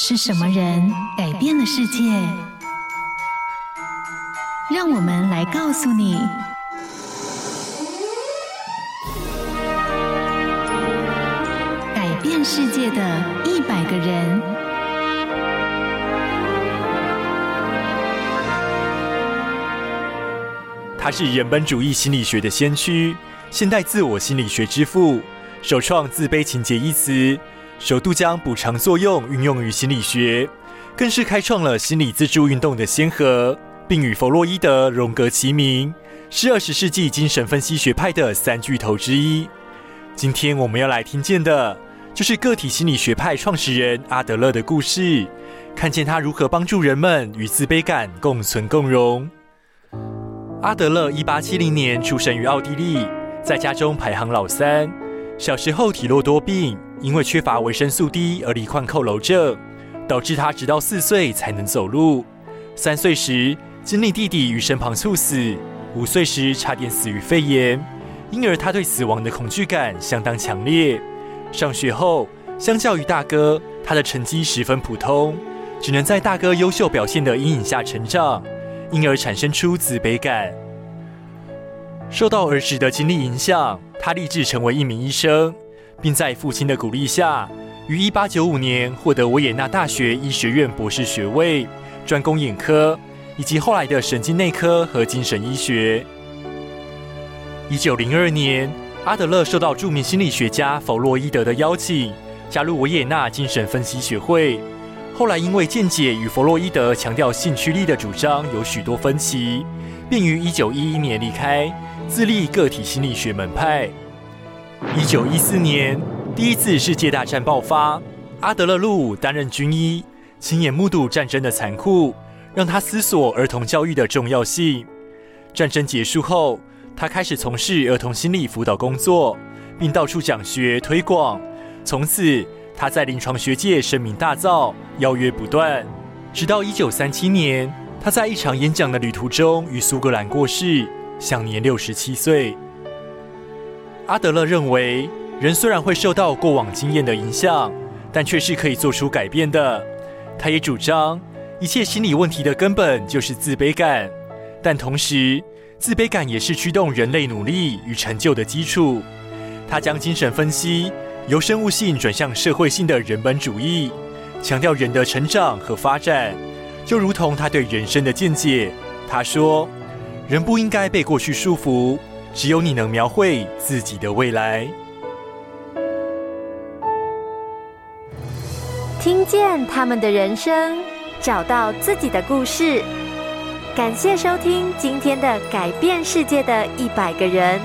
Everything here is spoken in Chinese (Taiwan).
是什麼人改變了世界？讓我們來告訴你：改變世界的一百個人。他是人本主義心理學的先驅，現代自我心理學之父，首創自卑情結一詞。首度將補償作用運用於心理學，更是開創了心理自助運動的先河，並與佛洛伊德、榮格齊名，是二十世紀精神分析學派的三巨頭之一。今天我們要來聽見的，就是個體心理學派創始人阿德勒的故事，看見他如何幫助人們與自卑感共存共榮。阿德勒一八七零年出生於奧地利，在家中排行老三。小時候體弱多病，因為缺乏維生素 D 而罹患佝僂症，導致他直到四歲才能走路。三歲時經歷弟弟於身旁猝死，五歲時差點死於肺炎，因而他對死亡的恐懼感相當強烈。上學後，相較於大哥，他的成績十分普通，只能在大哥優秀表現的陰影下成長，因而產生出自卑感。受到兒時的經歷影響。他立志成為一名醫生，並在父親的鼓勵下，於1895年獲得維也納大學醫學院博士學位，專攻眼科以及後來的神經內科和精神醫學。1902年，阿德勒受到著名心理學家佛洛伊德的邀請，加入維也納精神分析學會。後來因為見解與佛洛伊德強調性驅力的主張有許多分歧，便於1911年離開。自立個體心理學門派。一九一四年，第一次世界大戰爆發，阿德勒入伍擔任軍醫，親眼目睹戰爭的殘酷，讓他思索兒童教育的重要性。戰爭結束後，他開始從事兒童心理輔導工作，並到處講學推廣。從此，他在臨床學界聲名大噪，邀約不斷。直到一九三七年，他在一場演講的旅途中於蘇格蘭過世。享年六十七歲。阿德勒認為，人雖然會受到過往經驗的影響，但卻是可以做出改變的。他也主張，一切心理問題的根本就是自卑感，但同時，自卑感也是驅動人類努力與成就的基礎。他將精神分析由生物性轉向社會性的人本主義，強調人的成長和發展，就如同他對人生的見解。他說：人不應該被過去束縛，只有你能描繪自己的未來。聽見他們的人生，找到自己的故事。感謝收聽今天的《改變世界的一百個人》。